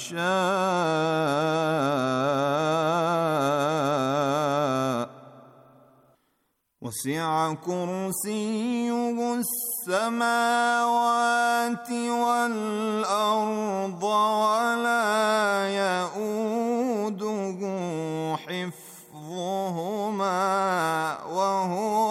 يشاء وسع كرسيه السماوات والارض ولا يئوده حفظهما وهو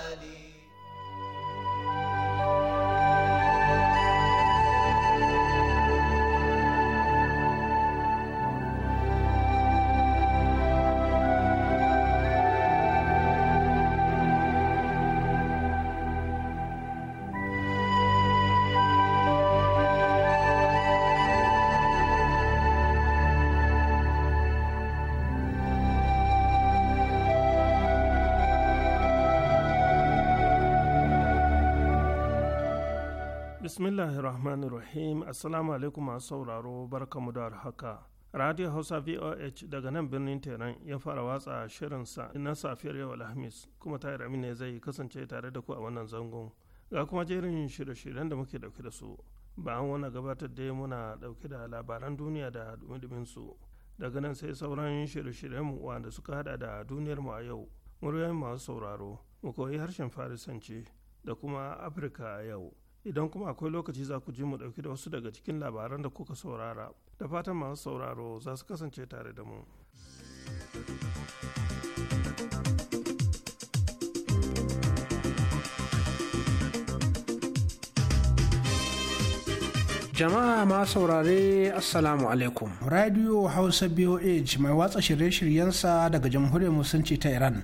Bismillahirrahmanirrahim. Assalamu alaikum masu sauraro barkamu da haka. Radio Hausa VOH daga nan birnin Tehran ya fara watsa shirinsa na safiyar yau Alhamis kuma Tahir ne zai kasance tare da ku a wannan zangon. Ga kuma jerin shirye-shiryen da muke dauke da su. Bayan wani gabatar da muna dauke da labaran duniya da dumi su. Daga nan sai sauran shirye-shiryen mu wanda suka hada da duniyar mu a yau. Muryoyin masu sauraro, mu koyi harshen Farisanci da kuma Afirka a yau. idan kuma akwai lokaci za ku ji mu ɗauki da wasu daga cikin labaran da kuka saurara da fatan masu sauraro za su kasance tare da mu jama'a ma saurare assalamu alaikum radio hausa boh mai watsa shirye-shiryensa daga jamhuriyar musulunci ta iran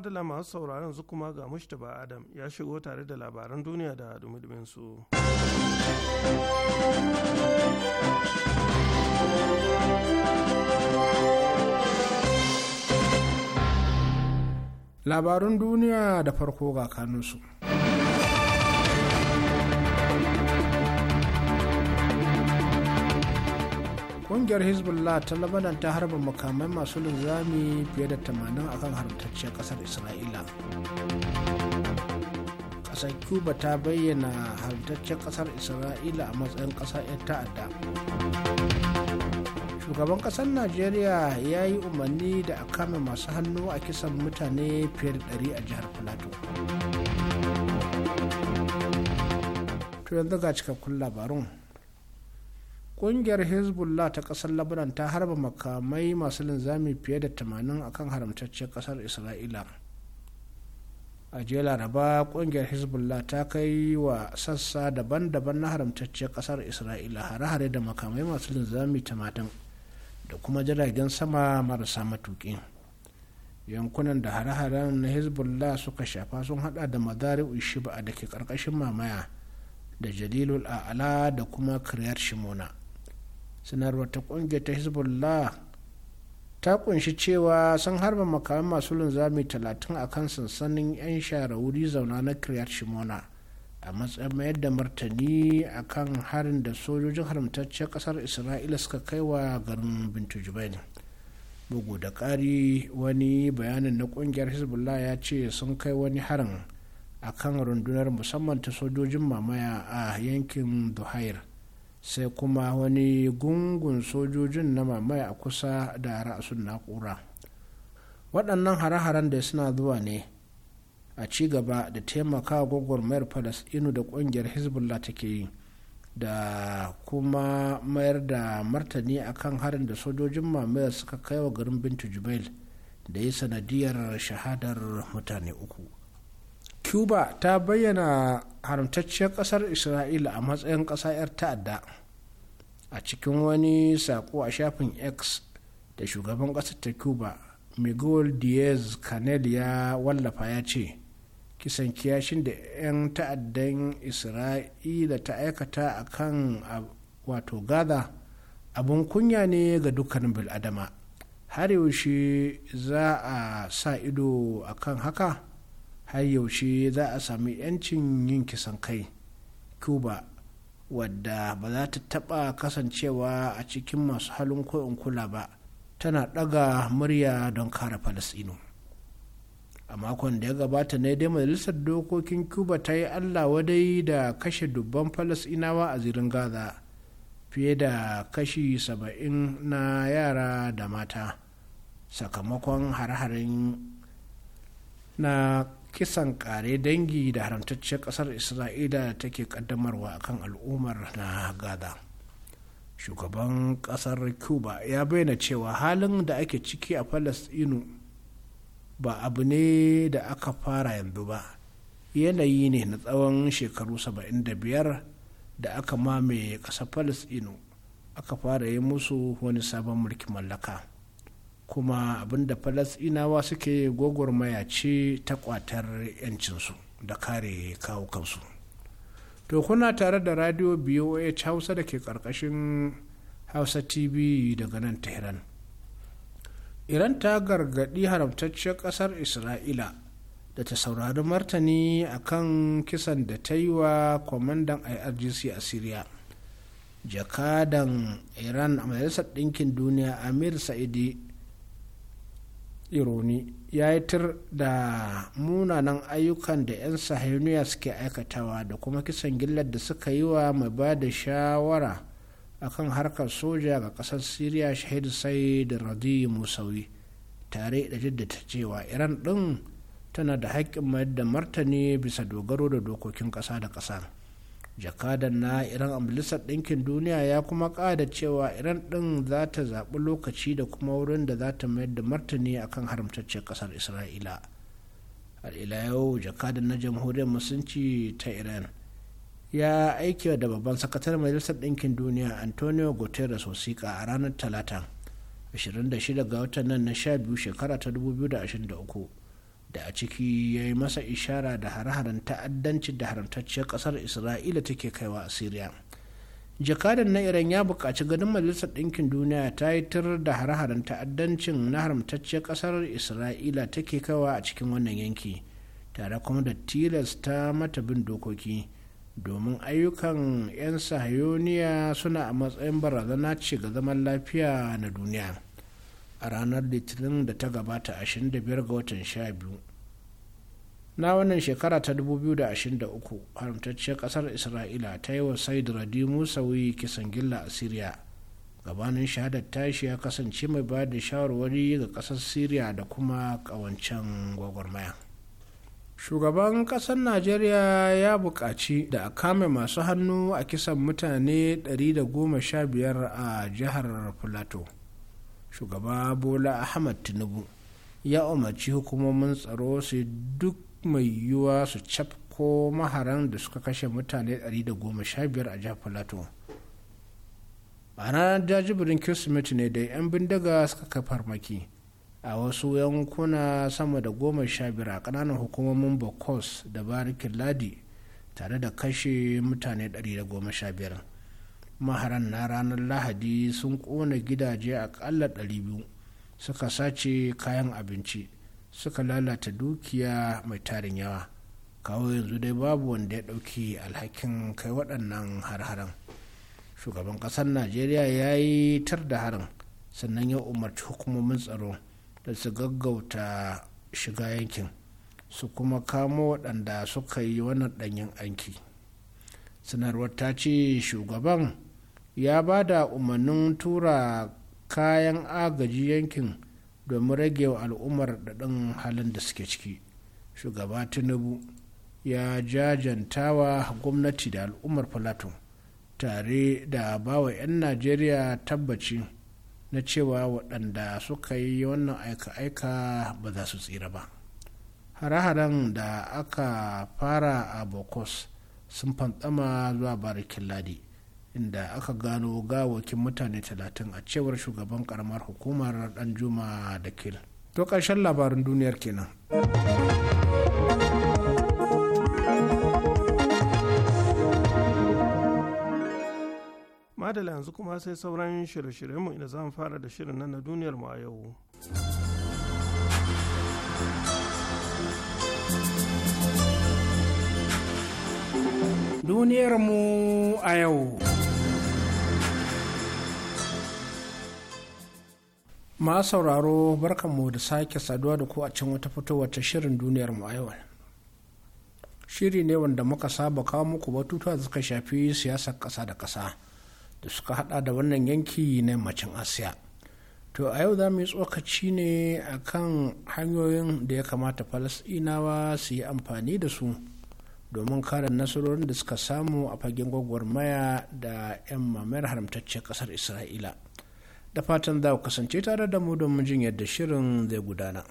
da masu sauraron su kuma ga mushtaba adam ya shigo tare da labaran duniya da dumidumin su. labarun duniya da farko ga kanunsu kungiyar hezbollah ta labanan ta harba makamai masu linzami fiye da 80 akan haramtacciyar kasar isra'ila kasar cuba ta bayyana haramtacciyar kasar isra'ila a matsayin kasa 'yan ta'adda shugaban kasar najeriya ya yi umarni da a kama masu hannu a kisan mutane fiye da 100 a jihar plateau to yanzu ga cikakkun labarun ƙungiyar hezbollah ta ƙasar lebanon ta harba makamai masu linzami fiye da 80 akan haramtacciyar ƙasar isra'ila a jiya laraba ƙungiyar hezbollah ta kai wa sassa daban-daban na haramtacciyar ƙasar isra'ila hare-hare da makamai masu linzami 80 da kuma jiragen sama marasa matuƙi. yankunan da hare-haren na hezbollah suka shafa sun hada da madari'u ushiba da ke karkashin mamaya da jalilul a'ala da kuma kiryar shimona sanarwar ta kungiyar ta hezbollah ta kunshi cewa sun harba makamai masu linzami talatin a kan sansanin 'yan shara wuri zauna na kiryat shimona a matsayin mayar da martani a kan harin da sojojin haramtacciyar kasar isra'ila suka kai wa garin bintu jubaini bugu da ƙari wani bayanin na ƙungiyar hezbollah ya ce sun kai wani harin a kan rundunar musamman ta sojojin mamaya a yankin duhair sai kuma wani gungun sojojin na mamaye a kusa da ra'asun na'ura waɗannan hare-haren da suna zuwa ne a ci gaba da taimaka gwagwarmayar inu da ƙungiyar hezbollah take yi da kuma mayar da martani akan harin da sojojin mamaya suka kai wa garin bintu jubail da ya sanadiyar shahadar mutane uku cuba ta bayyana haramtacciyar kasar isra'ila a matsayin kasa 'yar ta'adda a cikin wani saƙo a shafin x da shugaban ƙasar ta cuba miguel diaz canel ya wallafa ya ce kisan kiyashin da 'yan ta'addan isra'ila ta aikata a kan wato gaza abun kunya ne ga dukkanin bil'adama har yaushe za a sa ido a kan haka har yaushe za a sami 'yancin yin kisan kai cuba wadda ba za ta taɓa kasancewa a cikin masu halin koyon kula ba tana ɗaga murya don kare falasino a makon da ya gabata ne dai majalisar dokokin cuba ta yi allah wadai da kashe dubban falasinawa a zirin gaza fiye da kashi saba'in na yara da mata sakamakon har-harin na kisan kare dangi da haramtacciyar kasar isra'ila take kaddamarwa kan al'ummar na gaza shugaban kasar cuba ya bayyana cewa halin da ake ciki a palestino ba abu ne da aka fara yanzu ba yanayi ne na tsawon shekaru 75 da aka mamaye kasar palestino aka fara yi musu wani sabon mulkin mallaka. kuma abinda falasinawa suke gwagwarmaya ce ta kwatar 'yancinsu da kare kawo kansu to kuna tare da radio boh hausa da ke karkashin hausa tv daga nan tehran iran ta gargadi haramtacciyar kasar isra'ila da ta saurari martani a kan kisan da ta yi wa kwamandan irgc a syria jakadan iran a majalisar ɗinkin duniya amir sa'idi ironi ya yi tur da munanan ayyukan da 'yan sahiyoniya suke aikatawa da kuma kisan gillar da suka yi wa mai ba da shawara akan harkar soja ga kasar syria shahid sai da radi musawi tare da jaddata cewa iran din tana da haƙƙin mayar da martani bisa dogaro da dokokin ƙasa da ƙasa jakadan na iran a majalisar ɗinkin duniya ya kuma ƙada cewa iran ɗin za ta zaɓi lokaci da kuma wurin da za ta mayar da martani a kan haramtaccen ƙasar isra'ila al'ila yau jakadan na jamhuriyar musulunci ta iran ya aiki da babban sakatar majalisar ɗinkin duniya antonio guterres wasiƙa a ranar talata 26 ga watan nan na 12 shekara ta 2023 da a ciki ya yi masa ishara da hare-haren ta'addanci da haramtacciyar kasar isra'ila take kaiwa a syria jakadan na iran ya bukaci ganin majalisar ɗinkin duniya ta yi tir da hare-haren ta'addancin na haramtacciyar ƙasar isra'ila take kaiwa a cikin wannan yanki tare kuma da tilasta mata bin dokoki domin ayyukan 'yan sahayoniya suna a matsayin barazana ce ga zaman lafiya na duniya a ranar litinin da ta gabata 25 ga watan 12 na wannan shekara ta 2023 haramtacciyar kasar isra'ila ta yi wa said radimu sauyi kisan gilla a syria gabanin shahadar tashi ya kasance mai bayar da shawarwari ga kasar syria da kuma kawancen gwagwarmaya shugaban kasar najeriya ya buƙaci da a kame masu hannu a kisan mutane 115 a jihar plateau shugaba bola ahmad tinubu ya umarci hukumomin tsaro su duk mai yiwuwa su cafko maharan da suka kashe mutane 115 a jihar plateau a ranar jajibirin kirsimeti ne da 'yan bindiga suka kai farmaki a wasu yankuna sama da goma sha biyar a ƙananan hukumomin bokos da barikin ladi tare da kashe mutane 115 maharan na ranar lahadi sun kona gidaje akalla 200 suka sace kayan abinci suka lalata dukiya mai tarin yawa kawo yanzu dai babu wanda ya ɗauki alhakin kai waɗannan har-haren shugaban ƙasar najeriya ya yi tar da harin sannan ya umarci hukumomin tsaro da su gaggauta shiga yankin su kuma kamo waɗanda suka yi wannan ɗanyen aiki sanarwar ta ce shugaban ya ba da umarnin tura kayan agaji yankin domin rage wa al'ummar daɗin halin da suke ciki shugaba tinubu ya jajantawa gwamnati da al'ummar plateau tare da bawa 'yan najeriya tabbaci na cewa waɗanda suka yi wannan aika-aika ba za su tsira ba hare-haren da aka fara a bokos sun fantsama zuwa barikin ladi inda aka gano gawakin mutane talatin a cewar shugaban karamar hukumar dan juma da kil to ƙarshen labarin duniyar kenan madala yanzu kuma sai sauran shirye-shiryenmu inda zan fara da shirin nan na duniyar mu a yau Duniyarmu a yau. Ma sauraro barkanmu da sake saduwa da ku a cin wata fitowar ta shirin duniyarmu a yau. Shiri ne wanda muka saba kawo muku batutuwa da suka shafi siyasar ƙasa da ƙasa da suka hada da wannan yanki na yammacin Asiya. To a yau za mu yi tsokaci ne akan hanyoyin da ya kamata Falasɗinawa su yi amfani da su. domin kare nasarorin da suka samu a fagen gwagwarmaya da 'yan mamayar haramtacce kasar isra'ila da fatan za ku kasance tare da mu domin jin yadda shirin zai gudana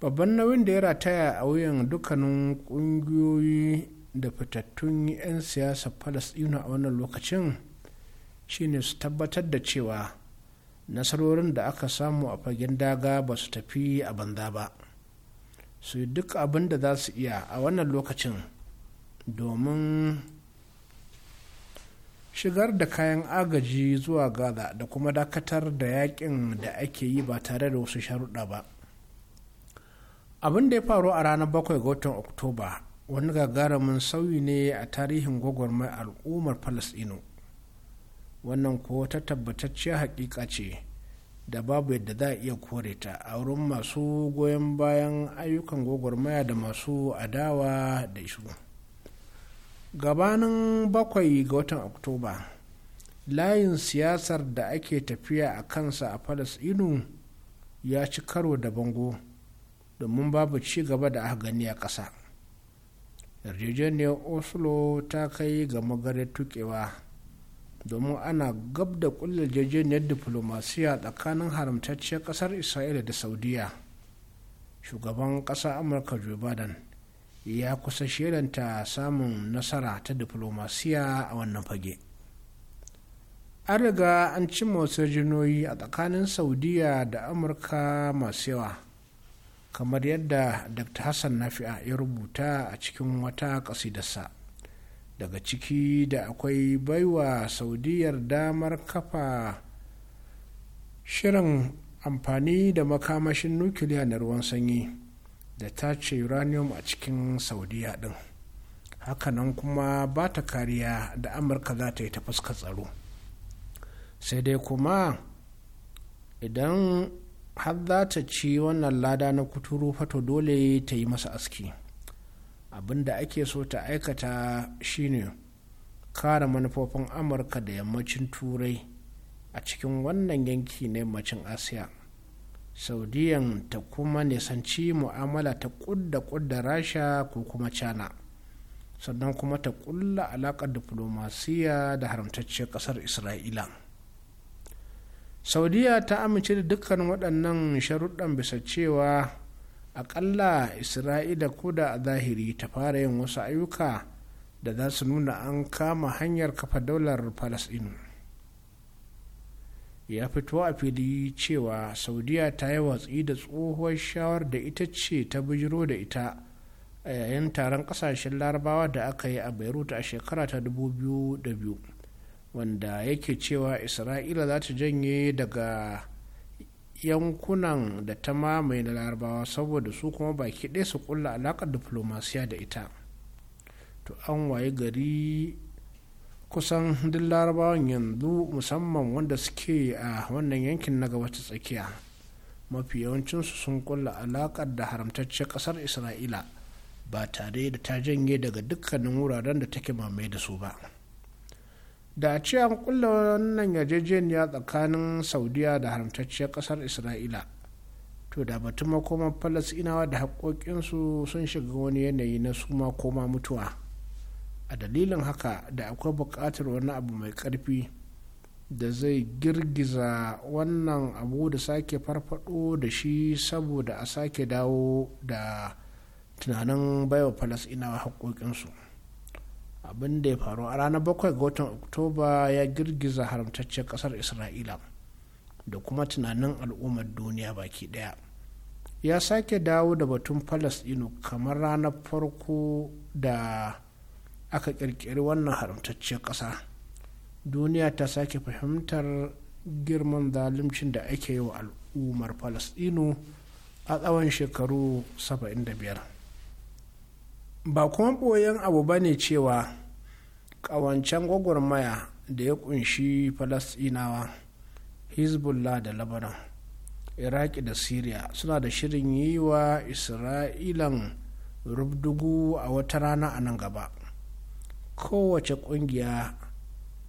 babban nauyin da ya rataya a wuyan dukkanin kungiyoyi da fitattun 'yan siyasar falasɗinu a wannan lokacin shine su tabbatar da cewa nasarorin da aka samu a fagen daga ba su tafi a banza ba su yi duk abin da za su iya a wannan lokacin domin shigar da kayan agaji zuwa gaza da kuma dakatar da yakin da ake yi ba tare da wasu sharuɗa ba abin da ya faru a ranar 7 ga watan oktoba wani gagarumin sauyi ne a tarihin gwagwarmar al'ummar falasɗinu wannan ko ta tabbatacciya hakika ce da babu yadda za a iya kore ta a wurin masu goyon bayan ayyukan gwagwarmaya da masu adawa da isu gabanin bakwai ga watan oktoba layin siyasar da ake tafiya a kansa a falasɗinu ya ci karo da bango domin babu ci gaba da aka gani a ƙasa yarjejeniyar oslo ta kai ga magarar tukewa domin ana gab da kulle yarjejeniyar diplomasiya tsakanin haramtacciyar kasar isra'ila da saudiya shugaban ƙasar amurka joe biden ya kusa shirinta samun nasara ta diplomasiya a wannan fage an riga an cimma wasu jinoyi a tsakanin saudiya da amurka masu yawa kamar yadda dr hassan nafi'a ya rubuta a cikin wata ƙasidarsa daga ciki da akwai baiwa saudiyar damar kafa shirin amfani da makamashin nukiliya na ruwan sanyi da ta ce uranium a cikin saudiya din hakanan kuma ba ta kariya da amurka za ta yi ta fuskar tsaro sai dai kuma idan har za ta ci wannan lada na kuturu fato dole ta yi masa aski abin da ake so ta aikata shine kare manufofin amurka da yammacin turai a cikin wannan yanki na yammacin asiya saudiyan ta kuma nisanci mu'amala ta kudda kudda rasha ko kuma china sannan kuma ta kulla alaƙar diflomasiya da haramtacciyar ƙasar isra'ila saudiya ta amince da dukkan waɗannan sharuɗan bisa cewa aƙalla isra'ila ko da a zahiri ta fara yin wasu ayyuka da za su nuna an kama hanyar kafa daular falasɗinu ya fito a fili cewa saudiya ta yi watsi da tsohuwar shawar da ita ce ta bijiro da ita a yayin taron ƙasashen larabawa da aka yi a beirut a shekara ta 2002 wanda yake cewa isra'ila za ta janye daga yankunan da ta mamaye na larabawa saboda su kuma baki ɗaya su kulla alaƙar diplomasiya da ita to an waye gari kusan duk larabawan yanzu musamman wanda suke a wannan yankin na gabata tsakiya mafi yawancinsu sun kulla alaƙar da haramtacce ƙasar isra'ila ba tare da ta janye daga dukkanin wuraren da take mamaye da su ba. da a ce an kulla wannan yarjejeniya tsakanin saudiya da haramtacciyar kasar isra'ila to da batun makoman falasinawa da haƙoƙinsu sun shiga wani yanayi na suma koma mutuwa a dalilin haka da akwai buƙatar wani abu mai ƙarfi da zai girgiza wannan abu da sake farfado da shi saboda a sake dawo da tunanin baiwa falasinawa haƙoƙinsu. abin da ya faru a ranar 7 ga watan oktoba ya girgiza haramtacciyar kasar isra'ila da kuma tunanin al'ummar duniya baki daya ya sake dawo da batun palestino kamar ranar farko da aka kirkiri wannan haramtacciyar kasa duniya ta sake fahimtar girman zalimcin da ake yi wa al'ummar palestino a tsawon shekaru 75 ba kuma ɓoyen abu ba ne cewa ƙawancen gwagwarmaya da ya kunshi falasinawa hezbollah da lebanon iraki da syria suna da shirin yi wa isra'ilan rubdugu a wata rana a nan gaba kowace kungiya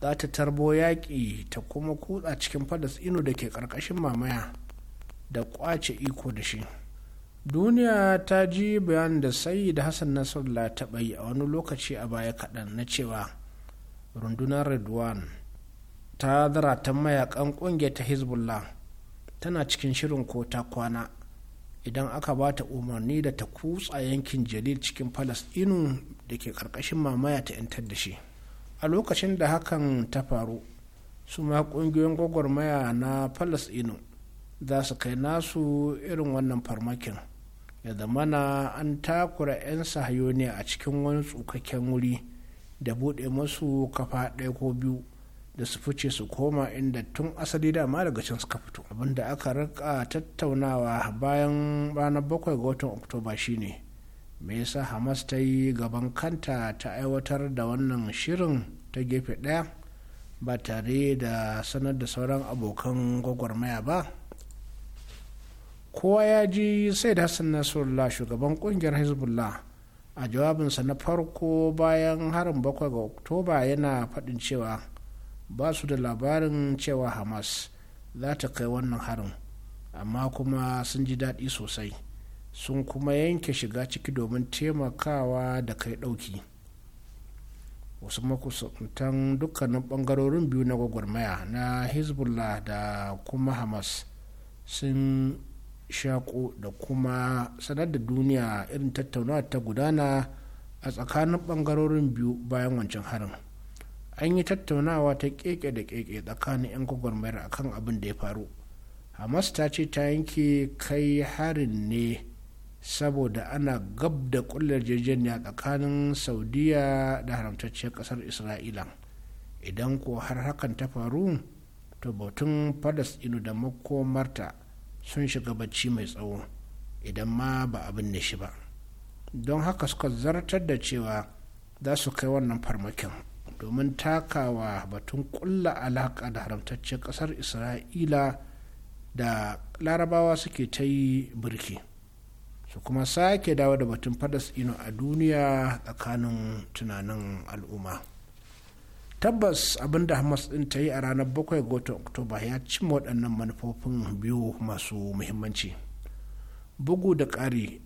za ta tarbo yaƙi ta kuma kutsa cikin ino da ke ƙarƙashin mamaya da ƙwace iko da shi duniya ta ji bayan da sayi da hassan nasarla ta yi a wani lokaci a baya kaɗan na cewa rundunar redwan ta zaratan mayakan ƙungiyar ta hezbollah tana cikin shirin ko ta kwana idan aka ba ta umarni da ta kutsa yankin jalil cikin falasɗinu da ke ƙarƙashin mamaya ta 'yantar da shi a lokacin da hakan ta faru su ma ƙungiyoyin gwagwarmaya na falasɗinu za su kai nasu irin wannan farmakin ya zamana an takura 'yan sahayoniya a cikin wani tsukakken wuri da bude musu kafa ɗaya ko biyu da su fice su koma inda tun asali dama daga can suka fito abinda aka rika tattaunawa bayan ranar bakwai ga watan oktoba shine me yasa hamas ta yi gaban kanta ta aiwatar da wannan shirin ta gefe ɗaya ba tare da sanar da sauran abokan gwagwarmaya ba kowa ya ji sai da hassan nasarar shugaban kungiyar hezbollah a jawabinsa na farko bayan harin bakwai ga oktoba yana faɗin cewa ba su da labarin cewa hamas za ta kai wannan harin amma kuma sun ji daɗi sosai sun kuma yanke shiga ciki domin taimakawa da kai ɗauki wasu makusantan dukkanin ɓangarorin biyu na gwagwarmaya na hezbollah da kuma hamas sun shaƙo da kuma sanar da duniya irin tattaunawa ta gudana a tsakanin ɓangarorin biyu bayan wancan harin an yi tattaunawa ta keke da keke tsakanin 'yan gwagwarmayar akan abin da ya faru hamas ta ce ta yanke kai harin ne saboda ana gab da kullar yarjejeniya tsakanin saudiya da haramtacciyar kasar isra'ila idan ko har hakan ta faru to batun ino da makomarta sun shiga bacci mai tsawo idan ma ba abin da shi ba don haka suka zartar da cewa za su kai wannan farmakin domin takawa batun kulla alaƙa da haramtaccen ƙasar isra'ila da larabawa suke ta yi birki su kuma sake dawo da batun fadas ino a duniya tsakanin tunanin al'umma tabbas abin da hamas din ta yi a ranar 7 ga watan oktoba ya cimma waɗannan manufofin biyu masu muhimmanci bugu da ƙari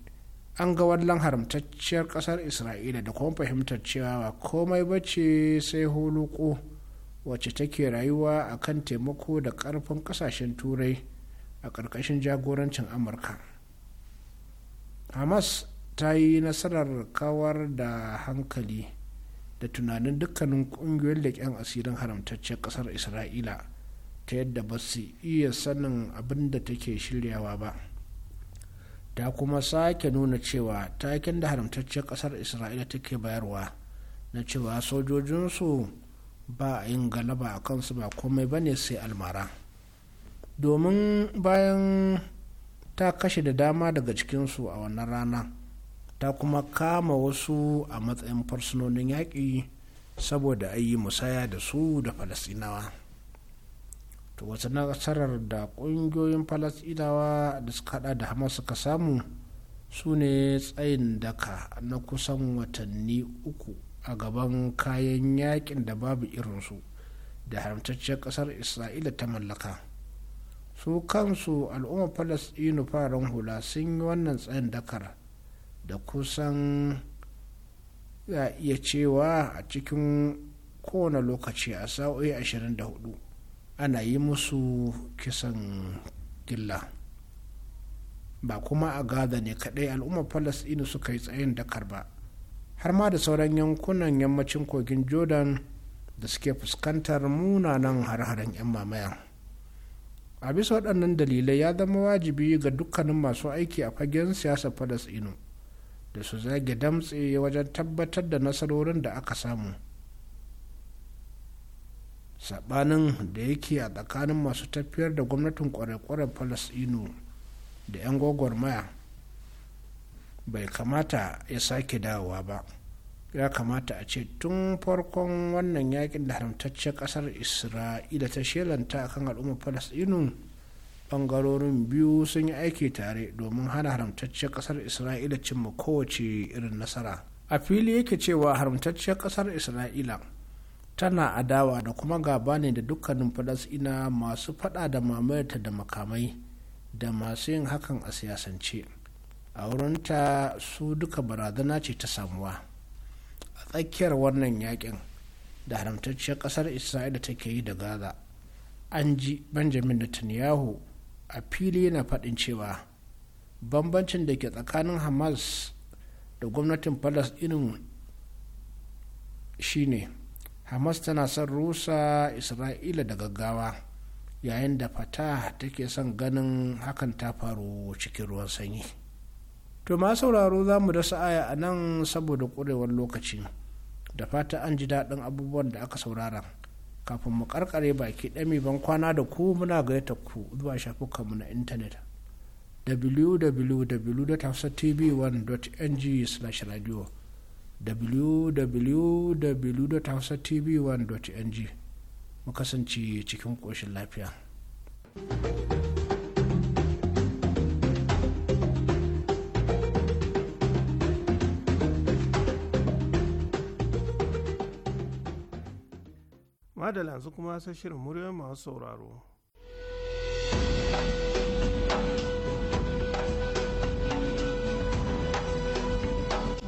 an ga wallan haramtacciyar ƙasar isra'ila da kuma fahimtar cewa ba komai ba ce sai huluko wacce take rayuwa a kan taimako da ƙarfin ƙasashen turai a ƙarƙashin jagorancin amurka hamas ta yi nasarar kawar da hankali da tunanin dukkanin ƙungiyoyin leƙen asirin haramtaccen ƙasar isra'ila ta yadda ba su iya sanin abin da take shiryawa ba ta kuma sake nuna cewa takin da haramtaccen ƙasar isra'ila take bayarwa na cewa sojojinsu ba a yin galaba a kansu ba komai ba ne sai almara domin bayan ta kashe da dama daga cikinsu a wannan rana ta kuma kama wasu a matsayin farsunonin yaƙi saboda a yi musaya da su da falasinawa to wata nasarar da ƙungiyoyin falasinawa da suka hada da hamas suka samu su ne tsayin daka na kusan watanni uku a gaban kayan yakin da babu irinsu da haramtacciyar ƙasar isra'ila ta mallaka su kansu al'ummar falasɗinu fararen hula sun yi wannan tsayin dakar da kusan za a iya cewa a cikin kowane lokaci a sa'o'i 24 ana yi musu kisan gilla ba kuma a gaza ne kadai al'ummar falasɗinu suka yi tsayin dakar ba har ma da sauran yankunan yammacin kogin jordan da suke fuskantar munanan har-haren 'yan mamaya a bisa waɗannan dalilai ya zama wajibi ga dukkanin masu aiki a fagen siyasar falasɗinu da su zage damtse wajen tabbatar da nasarorin da aka samu saɓanin da yake a tsakanin masu tafiyar da gwamnatin ƙware kwaren falasino da 'yan gwagwarmaya bai kamata ya sake dawowa ba ya kamata a ce tun farkon wannan yakin da haramtaccen kasar isra'ila ta shelanta akan al'ummar falasinu bangarorin biyu sun yi aiki tare domin hana haramtacciyar kasar isra'ila cimma kowace irin nasara a fili yake cewa haramtacciyar kasar isra'ila tana adawa da kuma gaba ne da dukkanin falasina masu fada da mamayarta da makamai da masu yin hakan a siyasance a wurinta su duka barazana ce ta samuwa a tsakiyar wannan yakin da haramtacciyar kasar isra'ila take yi da gaza an ji benjamin netanyahu a fili yana faɗin cewa bambancin da ke tsakanin hamas da gwamnatin palestinin shine hamas tana son rusa isra'ila da gaggawa yayin da fata take son ganin hakan ta faru cikin ruwan sanyi to ma sauraro za mu dasa aya a nan saboda ƙurewar lokaci da fata an ji daɗin abubuwan da aka saurara kafin mu karkare baki ɗami ban kwana da ku muna gayyata ku zuwa shafukanmu na intanet www.hausatv1.ng/radio www.hausatv1.ng mu kasance cikin ƙoshin lafiya. thank you da yanzu kuma sai shirin muryoyin masu sauraro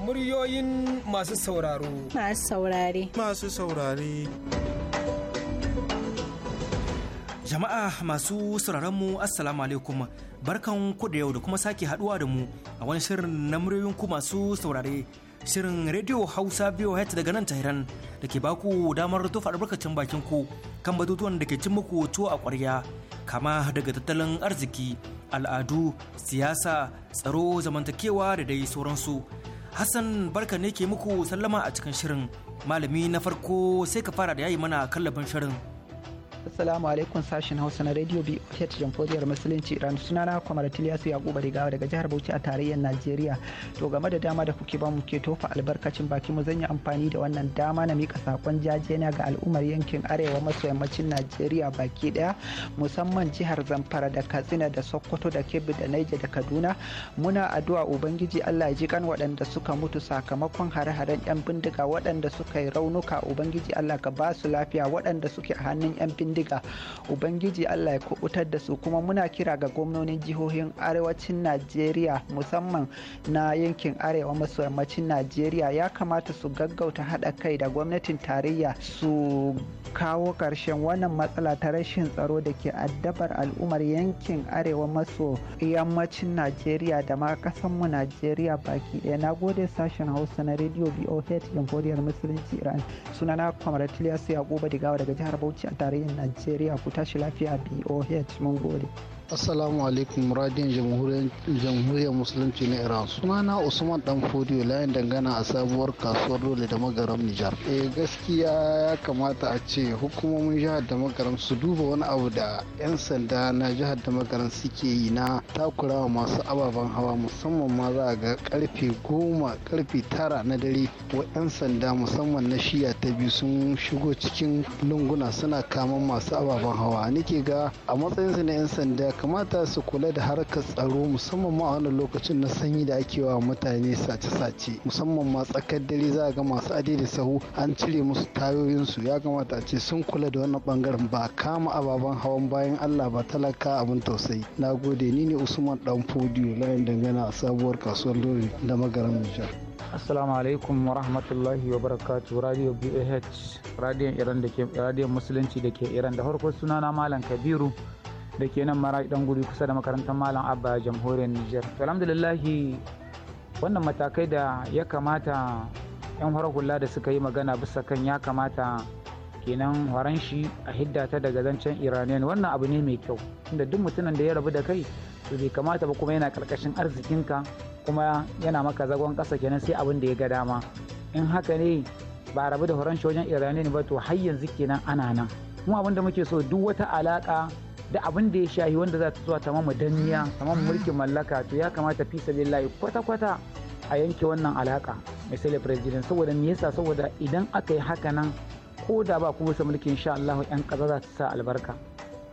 muryoyin masu sauraro masu saurare masu saurare Jama'a masu sauraron mu Assalamu alaikum barkan ku da yau da kuma sake haduwa da mu a wani shirin na muryoyin ku masu saurare shirin Radio Hausa VOH daga nan Tehran da ke baku damar tufa albarkacin bakin ku kan batutuwan da ke cin muku tuwo a ƙwarya kama daga tattalin arziki, al'adu, siyasa, tsaro, zamantakewa da dai sauransu. Hassan barka ne ke muku sallama a cikin shirin. Malami na farko sai ka fara da yayi mana kallabin shirin. Assalamu alaikum sashen Hausa na Radio BOH Jamhuriyar Musulunci Iran sunana Kwamar Tiliyasu Yakuba Rigawa daga jihar Bauchi a tarayyar Najeriya. To game da dama da kuke ba mu ke tofa albarkacin baki mu zan yi amfani da wannan dama na mika sakon jajena ga al'ummar yankin arewa maso yammacin Najeriya baki daya musamman jihar Zamfara da Katsina da Sokoto da Kebbi da naija da Kaduna. Muna addu'a Ubangiji Allah ya ji kan waɗanda suka mutu sakamakon hare-haren 'yan bindiga waɗanda suka yi raunuka Ubangiji Allah ka ba su lafiya waɗanda suke a hannun 'yan bindiga bindiga ubangiji allah ya kubutar da su kuma muna kira ga gwamnonin jihohin arewacin najeriya musamman na yankin arewa maso yammacin najeriya ya kamata su gaggauta haɗa kai da gwamnatin tarayya su kawo karshen wannan matsala ta rashin tsaro da ke addabar al'ummar yankin arewa maso yammacin najeriya da ma mu najeriya baki ɗaya na gode sashen hausa na rediyo voh jamhuriyar musulunci iran sunana kwamar tiliyasu yakuba digawa daga jihar bauchi a tarayyar Najeriya ku tashi lafiya BOH mun gode. Assalamu alaikum radiyon jamhuriyar musulunci na Iran. Sunana Usman Dan Fodiyo layin dangana a sabuwar kasuwar dole da magaram Nijar. Eh gaskiya ya kamata a ce hukumomin jihar da magaram su duba wani abu da 'yan sanda na jihar da magaram suke yi na takurawa masu ababen hawa musamman ma za a ga karfe goma karfe tara na dare wa 'yan sanda musamman na shiya ta biyu sun shigo cikin lunguna suna kaman masu ababen hawa. Nike ga a matsayinsu na 'yan sanda kamata su kula da harkar tsaro musamman ma a wannan lokacin na sanyi da ake wa mutane sace-sace musamman ma tsakar dare za a ga masu ade da sahu an cire musu tayoyinsu ya kamata a ce sun kula da wannan bangaren ba kama ababen hawan bayan allah ba talaka abin tausayi na gode ni ne usman dan fodiyo layin dangana a sabuwar kasuwar lori da magaran nijar Assalamu alaikum wa rahmatullahi wa barakatu Radio BAH, radiyon Musulunci da ke Iran da farko sunana Malam Kabiru da ke nan mara dan guri kusa da makarantar malam abba jamhuriyar niger to alhamdulillahi wannan matakai da ya kamata yan horar hula da suka yi magana bisa kan ya kamata kenan horon shi a hidda ta daga zancen iranian wannan abu ne mai kyau tunda duk mutumin da ya rabu da kai to bai kamata ba kuma yana karkashin arzikinka kuma yana maka zagon kasa kenan sai abin da ya ga dama in haka ne ba rabu da horon shi wajen iranian ba to har yanzu kenan ana nan kuma abin da muke so duk wata alaƙa da abin da ya shahi wanda za ta zuwa ta mamu danniya ta mamu mulkin mallaka to ya kamata fi sabilillahi kwata-kwata a yanke wannan alaka misali president saboda me yasa saboda idan aka yi haka nan ko da ba kuma sa mulkin insha Allah yan kaza za su sa albarka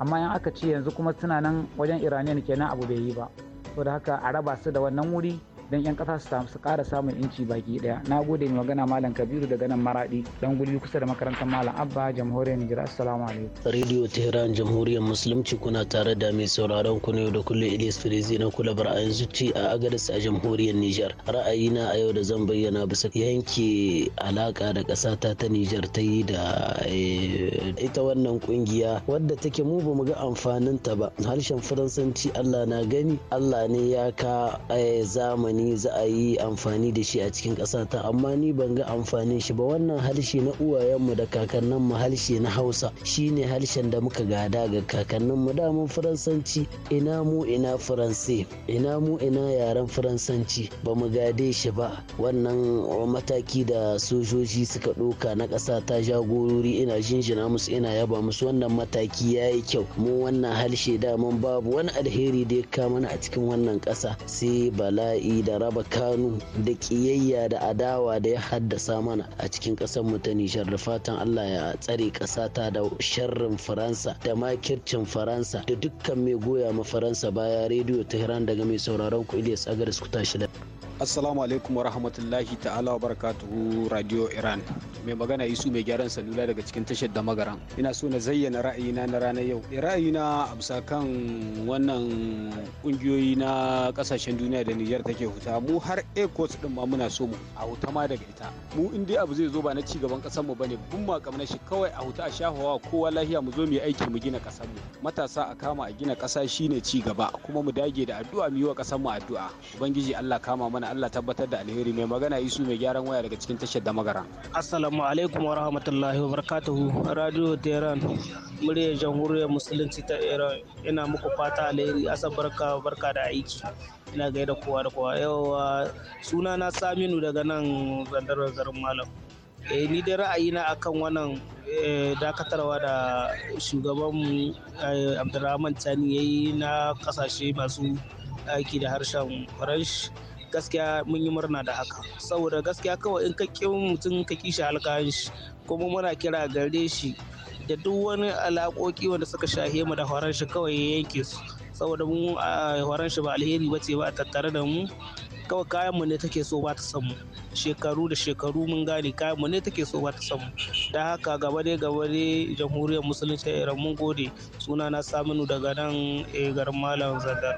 amma yan aka ce yanzu kuma suna nan wajen iraniyan kenan abu bai yi ba saboda haka a raba su da wannan wuri don 'yan ƙasa su kara ƙara samun inci baki ɗaya na gode mai magana malam kabiru daga nan maraɗi dan guri kusa da makarantar malam abba jamhuriyar nijar assalamu alaikum radio tehran jamhuriyar musulunci kuna tare da mai sauraron ku yau da kullum ilyas firizi na kula ra'ayin zuci a Agadis a jamhuriyar nijar na a yau da zan bayyana bisa yanke alaka da ƙasata ta ta nijar ta yi da eh, ita wannan kungiya wadda take mu ba mu ga amfanin ta ba harshen faransanci allah na gani allah ne ya ka eh, zamani zamani za a yi amfani da shi a cikin ƙasa ta amma ni ban ga amfanin shi ba wannan harshe na uwayenmu da kakanninmu harshe na hausa shine harshen da muka gada ga kakanninmu damun faransanci ina mu ina faranse ina mu ina yaren faransanci ba mu gade shi ba wannan mataki da sojoji suka ɗauka na ƙasa ta jagorori ina jinjina musu ina yaba musu wannan mataki ya yi kyau mu wannan harshe mun babu wani alheri da ya kama a cikin wannan ƙasa sai bala'i da raba kanu da kiyayya da adawa da ya haddasa mana a cikin ƙasar mu ta Nijar da fatan Allah ya tsare ƙasata da sharrin Faransa da makircin Faransa da dukkan mai goya ma Faransa baya rediyo Tehran daga mai sauraron ku Ilyas Agaris ku tashi da. assalamu alaikum warahmatullahi ta'ala wa barakatuhu radio iran mai magana isu mai gyaran salula daga cikin tashar da magaran ina so na zayyana ra'ayina na ranar yau eh, ra'ayina a bisa kan wannan kungiyoyi na kasashen duniya da nijar take huta mu har ecos din ma muna so mu a huta ma daga ita mu in dai abu zai zo ba na ci gaban kasar mu bane bun ma kamar shi kawai a huta a shahawa kowa lafiya mu zo mu yi aiki mu gina kasar mu matasa a kama a gina kasa shine ci gaba kuma mu dage da addu'a mu yi wa kasar mu addu'a ubangiji Allah kama mana mana Allah tabbatar da alheri mai magana isu mai gyaran waya daga cikin tashar damagara. magara assalamu alaikum wa rahmatullahi wa barakatuhu radio tehran muryar jamhuriyar musulunci ta iran ina muku fata alheri asan barka barka da aiki ina gaida kowa da kowa yawa suna na saminu daga nan Zandar garin malam eh ni dai ra'ayina akan wannan eh, dakatarwa da shugaban eh, abdulrahman tani ya yi na kasashe masu aiki da harshen faransh gaskiya mun yi murna da haka saboda gaskiya kawai in ka mutum ka kishi halkan shi kuma muna kira gare shi da duk wani alaƙoƙi wanda suka shahe mu da horon shi kawai ya yanke su saboda mu a horon shi ba alheri ba ce ba tattare da mu kawai kayan mu ne take so ba ta samu shekaru da shekaru mun gane kayan mu ne take so ba ta samu da haka gaba ne gaba ne jamhuriyar musulunci a mun gode suna na saminu daga nan eh, garin malam zadar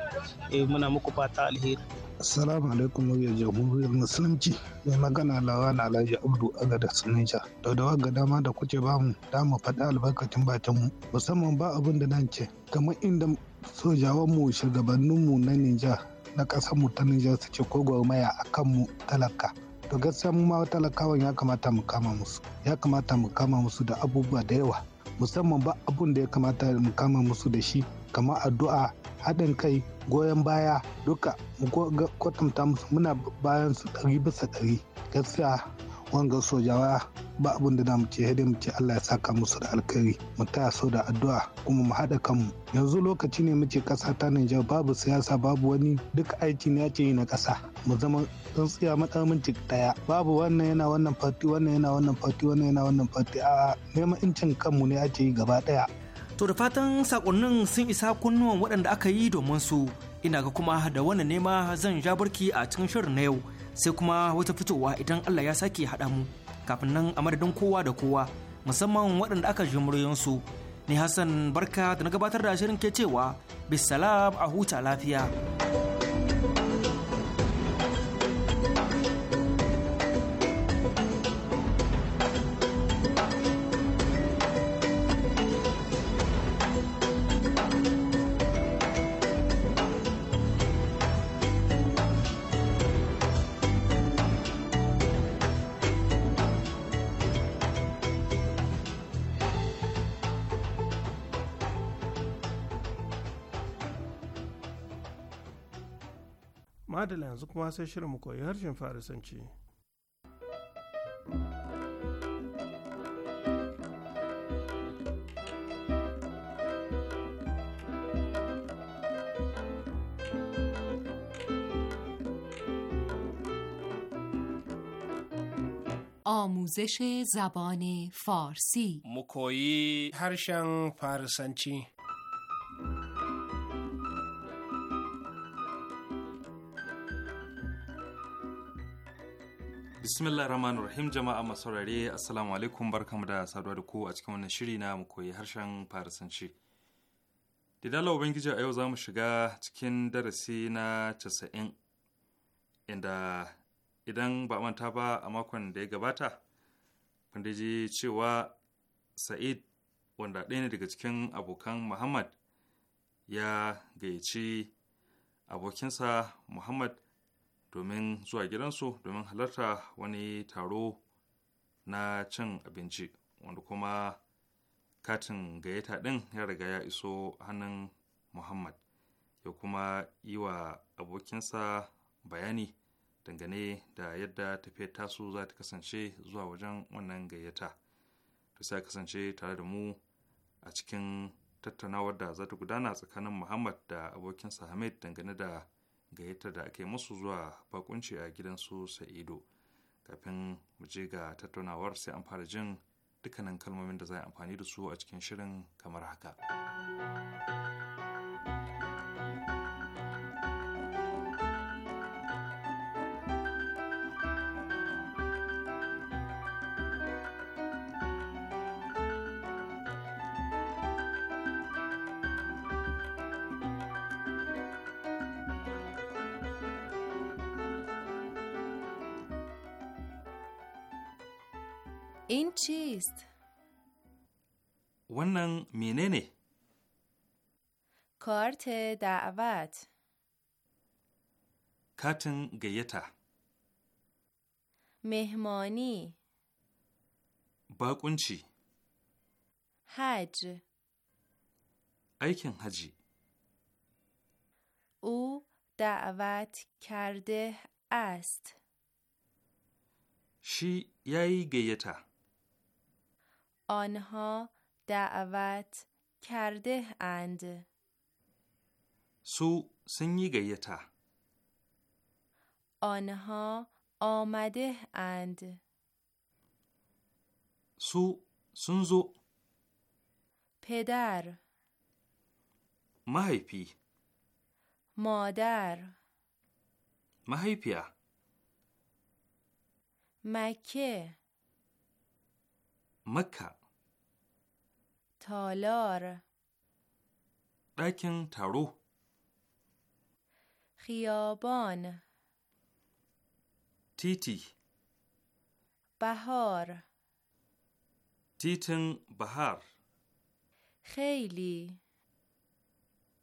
eh, muna muku fata alheri Assalamu alaikum muryar jamhuriyar musulunci mai magana lawa na alhaji abdu aga da sunanca da da ga dama da kuke bamu mu faɗi albarkacin mu musamman ba abin da nan ce kamar inda sojawanmu mu na Nijar na mu ta Nijar su ce ko gwagwarmaya a kanmu talaka. To gaskiya mu ma talakawan ya kamata mu kama musu, ya kamata mu kama musu da abubuwa da yawa. musamman ba abun da ya kamata mu kama musu da shi kamar addu'a haɗin kai goyon baya duka mu kwatanta musu muna bayan su ɗari bisa ɗari gaskiya wangar sojawa ba abin da damu ce hadin ce Allah ya saka musu da alkhairi mu taya so da addu'a kuma mu haɗa kanmu yanzu lokaci ne muke ƙasa ta Nijar babu siyasa babu wani duk aiki ne ake yi na ƙasa mu zama matsamin matsarminci ɗaya babu wannan yana wannan fati wannan yana wannan fati wannan yana wannan fati a neman incin kanmu ne ake yi gaba ɗaya. To da fatan sakonnin sun isa kunnuwan waɗanda aka yi domin su ina ga kuma da wannan nema zan ja barki a cikin shirin na yau sai kuma wata fitowa idan Allah ya sake haɗa mu kafin nan a madadin kowa da kowa musamman waɗanda aka ji muryansu ne Hassan barka da na gabatar da shirin ke cewa bisalam a huta lafiya. da yanzu kuma sai shirin mu koyi harshen farisanci آموزش زبان فارسی مکویی هرشن فارسنچی Bismillah Rahman Rahim jama'a masaurare Assalamu alaikum barkamu da saduwa da ku a cikin wannan shiri na mu koyi harshen Farisanci. Didala Ubangiji a yau za mu shiga cikin darasi na casa'in inda idan ba manta ba a makon da ya gabata kun ji cewa Sa'id wanda ɗaya ne daga cikin abokan Muhammad ya gayyaci abokinsa Muhammad domin zuwa gidansu domin halarta wani taro na cin abinci wanda kuma katin gayyata din ya riga ya iso hannun muhammad ya kuma yi wa abokinsa bayani dangane da yadda tafiyar tasu za ta kasance zuwa wajen wannan gayyata ta sa kasance tare da mu a cikin tattaunawar da za ta gudana tsakanin muhammad da abokinsa hamid dangane da gayyatar da aka musu zuwa bakunci a gidansu sa'ido kafin mu je ga tattaunawar sai an fara jin dukkanin kalmomin da za a amfani da su a cikin shirin kamar haka. cheese. Wannan menene? Karte da'wat. Katin gayyata. Mehmani. Bakunci. Hajj. Aikin haji. U da'wat karde ast. Shi yayi gayyata. آنها دعوت کرده اند سو سنگی آنها آمده اند سو سنزو پدر مهیپی مادر مهیپیا مکه مکه تالار دکن تارو خیابان تیتی بهار تیتن بهار خیلی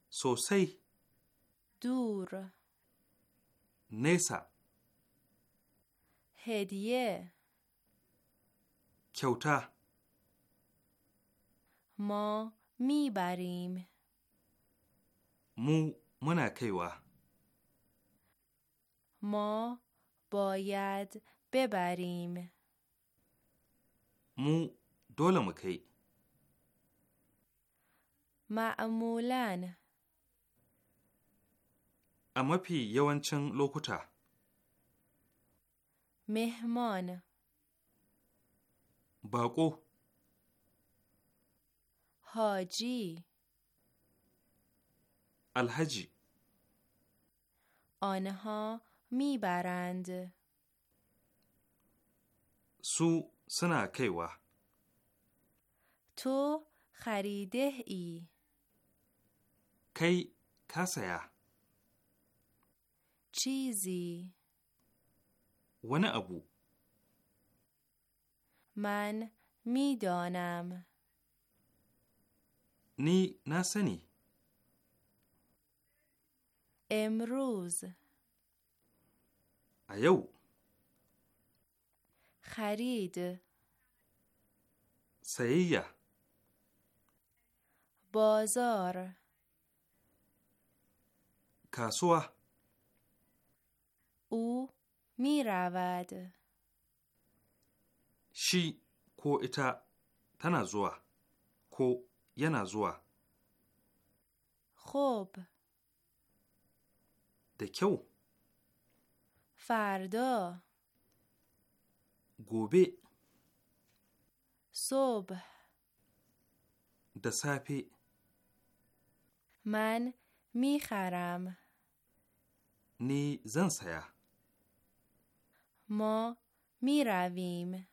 سوسی دور نیسا هدیه کیوته ما میبریم مو منا کیوا ما باید ببریم مو دول مکی معمولا اما پی یوانچن لوکوتا مهمان باقو حاجی الحجی آنها میبرند سو سنا کیوا تو خریده ای کی کسیا چیزی ونه ابو من میدانم نی نسنی امروز ایو خرید سیه بازار کاسوه او می رود شی کو ایتا تنا زوا کو یه زوا خوب دکیو فردا گوبی صبح دسافی من میخرم نی زن سیا ما میرویم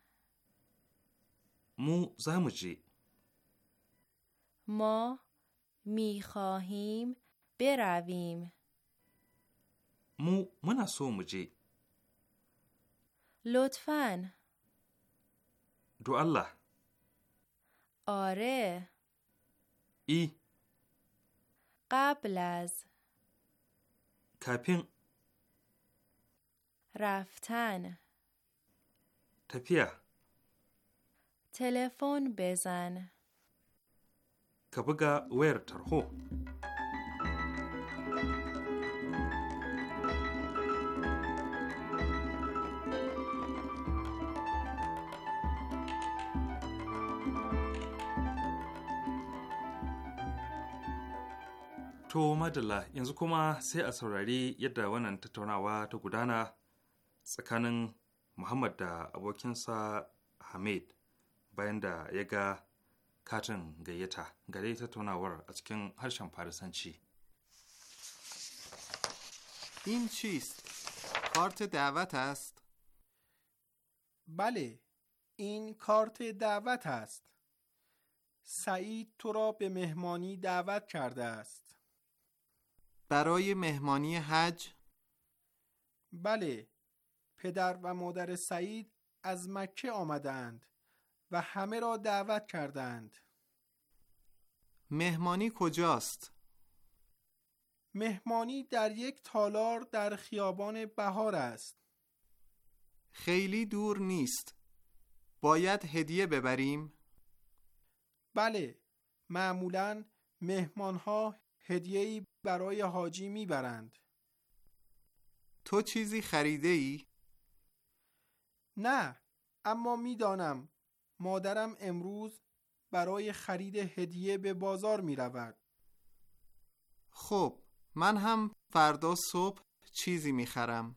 مو زمجی ما می خواهیم برویم مو من لطفا دو الله آره ای قبل از کپین رفتن تپیا تلفن بزن ka buga wayar tarho. To Madalla yanzu kuma sai a saurari yadda wannan tattaunawa ta gudana tsakanin Muhammad da abokinsa Hamid bayan da ya ga katin این چیست؟ کارت دعوت است؟ بله این کارت دعوت است سعید تو را به مهمانی دعوت کرده است برای مهمانی حج؟ بله پدر و مادر سعید از مکه آمدند و همه را دعوت کردند مهمانی کجاست؟ مهمانی در یک تالار در خیابان بهار است خیلی دور نیست باید هدیه ببریم؟ بله معمولا مهمانها هدیه‌ای برای حاجی میبرند تو چیزی خریده ای؟ نه اما میدانم مادرم امروز برای خرید هدیه به بازار می رود. خب من هم فردا صبح چیزی می خرم.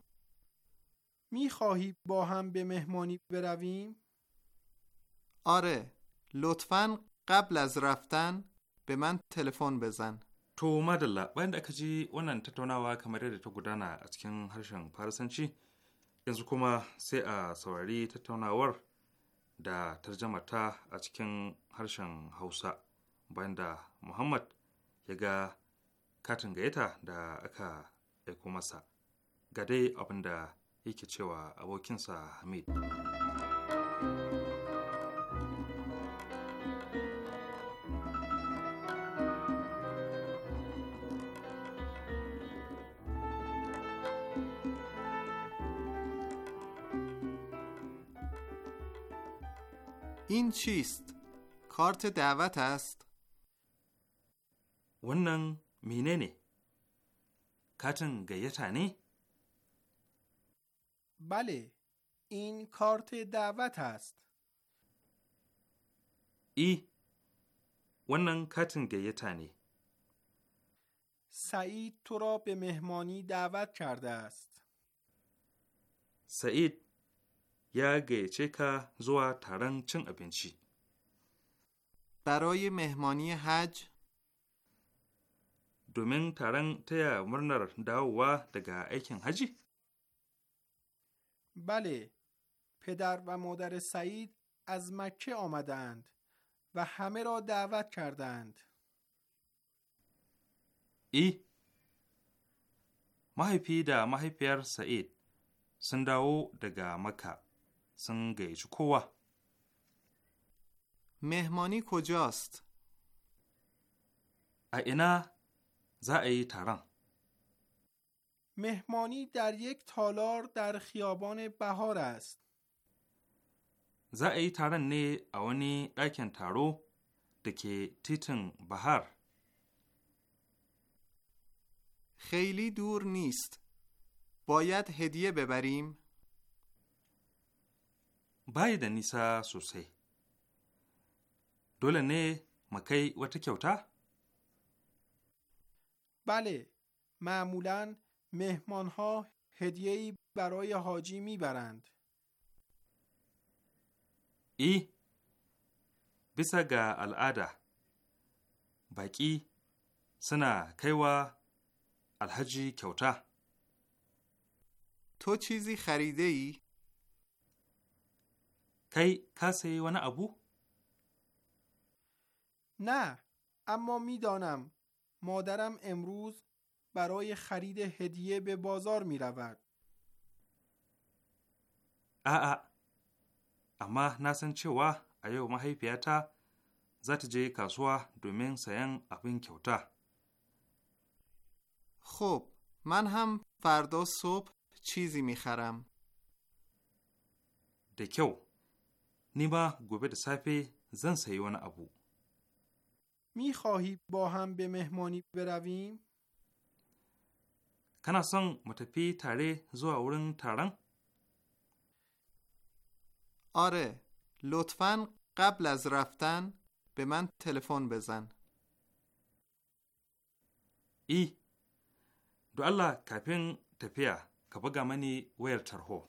می خواهی با هم به مهمانی برویم؟ آره لطفا قبل از رفتن به من تلفن بزن. تو madalla bayan da aka ji wannan tattaunawa kamar yadda ta gudana a cikin harshen Farisanci, yanzu kuma sai a saurari da tarjamata a cikin harshen hausa bayan da muhammad ya ga katin gayyata da aka aiko masa ga dai abin da yake cewa abokinsa hamid این چیست؟ کارت دعوت است؟ ونن مینه نی کاتن گیتا بله این کارت دعوت است ای ونن کتن گیتا سعید تو را به مهمانی دعوت کرده است سعید یا گیچه که زوا چنگ چن برای مهمانی حج دومین ترن تیا مرنر ایکن حجی بله پدر و مادر سعید از مکه آمدند و همه را دعوت کردند ای mahaifi da mahaifiyar Sa'id sun dawo daga مکه. سن کوه. مهمانی کجاست؟ اینا za تران. مهمانی در یک تالار در خیابان بهار است. za تران نه اونی ne تارو wani تیتن بهار. خیلی دور نیست. باید هدیه ببریم. با انسا د نیسه سوسی دول نه مه کی وته کوته بله معمولا مهمانها هدیهای برای حاجی میبرند ای بیسه گa ال'اده باقی سنا کی و الحجی کیوته تو چیزی خریدهای کی کسی sayi ابو؟ ابو؟ نه اما میدانم مادرم امروز برای خرید هدیه به بازار می رود. آ اما نسن ما هی مهیفیتا زت جه کاسوا دومین سین ابین کیوتا خب من هم فردا صبح چیزی میخرم دکیو نی گوبه زن سهی ون ابو خواهی با هم به مهمانی برویم؟ کنا سن متفی تاره زو ورن آره لطفا قبل از رفتن به من تلفن بزن ای دو الله کپین تپیا ka buga mani ترهو.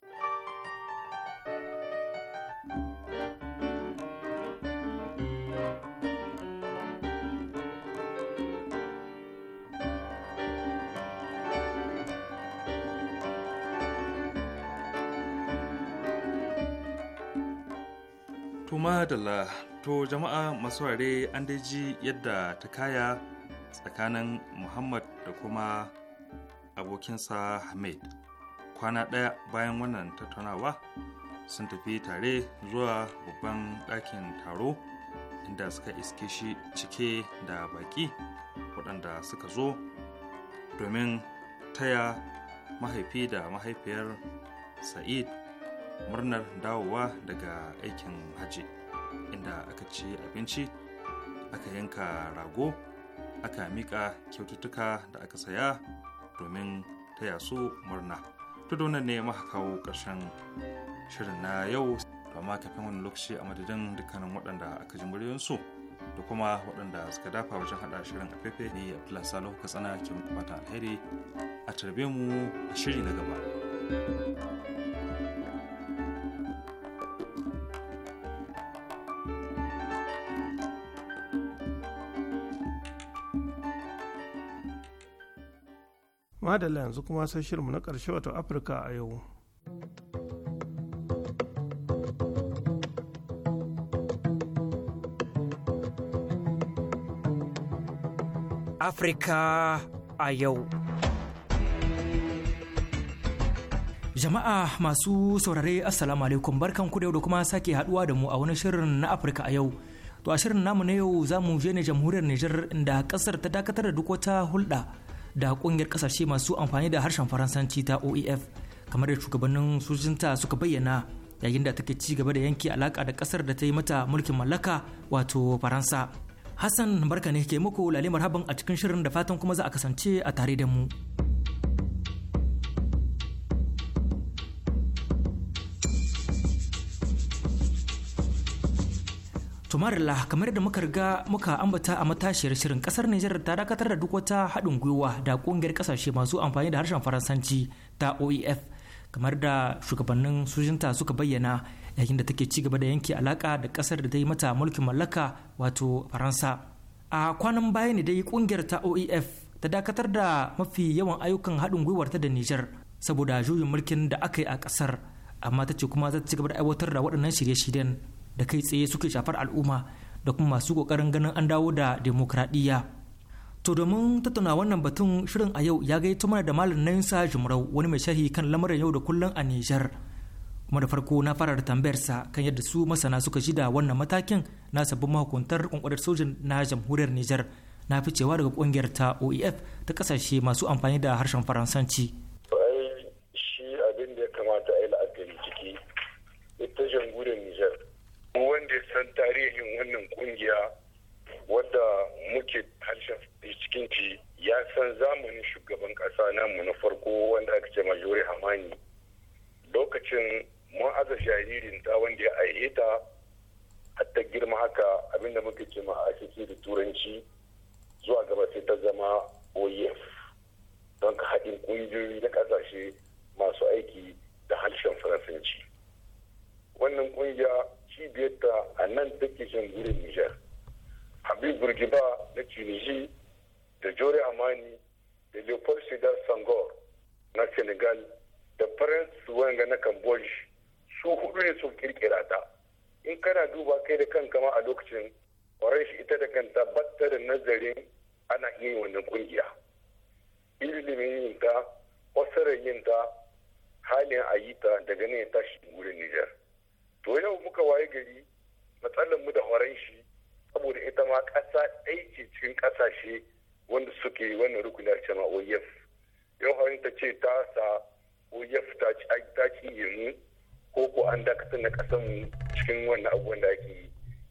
Tuma da la to jama'a masu ware an dai ji yadda ta kaya tsakanin Muhammad da kuma abokinsa Hamid. Kwana ɗaya bayan wannan tattaunawa sun tafi tare zuwa babban ɗakin taro inda suka iske shi cike da baƙi waɗanda suka zo domin taya mahaifi da mahaifiyar Sa'id murnar dawowa daga aikin hajji inda aka ci abinci aka yanka rago aka miƙa kyaututtuka da aka saya domin taya su murna tudonan ne maka kawo ƙarshen shirin na yau amma kafin wani lokaci a madadin dukkanin waɗanda aka ji muryoyinsu da kuma waɗanda suka dafa wajen haɗa shirin a fefe ne abdullahi salihu katsina ke muku fatan alheri a tarbe mu a shiri na gaba madalla yanzu kuma sai shirinmu na ƙarshe wato afirka a yau afirka a yau jama'a masu saurare assalamu alaikum barkan ku da yau da kuma sake haduwa da mu a wani shirin na afirka a yau to a shirin namu na yau za mu je ne jamhuriyar niger inda kasar ta dakatar da duk wata hulɗa da kungiyar kasashe masu amfani da harshen faransanci ta oef kamar da shugabannin sojinta suka bayyana yayin da take ci gaba da yanke alaka da kasar da ta yi mata mulkin mallaka wato faransa hassan barka ne ke muku lalimar haban a cikin shirin da fatan kuma za a kasance a tare da mu. tumarilla kamar da muka riga muka ambata a matashiyar shirin kasar Nijar ta dakatar da duk wata haɗin gwiwa da ƙungiyar kasashe masu amfani da harshen Faransanci ta OEF kamar da shugabannin sojinta suka bayyana yayin da take ci gaba da yanke alaka da kasar da ta yi mata mulkin mallaka wato Faransa. A kwanan baya ne dai ƙungiyar ta OEF ta dakatar da mafi yawan ayyukan haɗin gwiwar ta da Nijar saboda juyin mulkin da aka yi a ƙasar amma ta ce kuma za ta ci da aiwatar da waɗannan shirye-shiryen da kai tsaye suke shafar al'umma da kuma masu kokarin ganin an dawo da demokradiyya to domin tattauna wannan batun shirin a yau ya gaito mana da malam Nainsa Jumrau wani mai sharhi kan lamarin yau da kullum a Nijar kuma da farko na fara tambayar sa kan yadda su masana suka ji da wannan matakin na sabbin mahukuntar kwankwadar sojin na jamhuriyar Nijar na fi cewa daga kungiyar ta oef ta kasashe masu amfani da harshen faransanci shi abin da ya kamata a yi la'akari ciki ita jamhuriyar nijar wanda ya san tarihin wannan kungiya wadda muke harshen cikin ci ya san zamanin shugaban kasa namu na farko wanda aka ce majori hamani lokacin mun aza jaririn ta wanda ya aihe ta hatta girma haka abinda muka ce ma a da turanci zuwa gaba sai ta zama oef don ka haɗin ƙungiyoyi na ƙasashe masu aiki da harshen faransanci wannan ƙungiya cibiyarta a nan take jin gurin Nijar. Habib Burgiba na Tunisi da Jore Amani da Leopold Sedar Sangor na Senegal da Prince Wenga na cambodge su hudu ne sun kirkira ta. In kana duba kai da kanka ma a lokacin shi ita da kanta batta da nazarin ana iya yin wannan kungiya. Ilimin yin ta, wasarar yin ta, halin a yi ta daga ne tashi wurin Nijar. to yau muka waye gari matsalar mu da horon shi saboda ita ma ƙasa aiki cikin ƙasashe wanda suke wannan rukuni a cewa oyef yau horon ta ce ta sa oyef ta ci mu ko ko an dakatar da ƙasar cikin wannan abubuwan da ake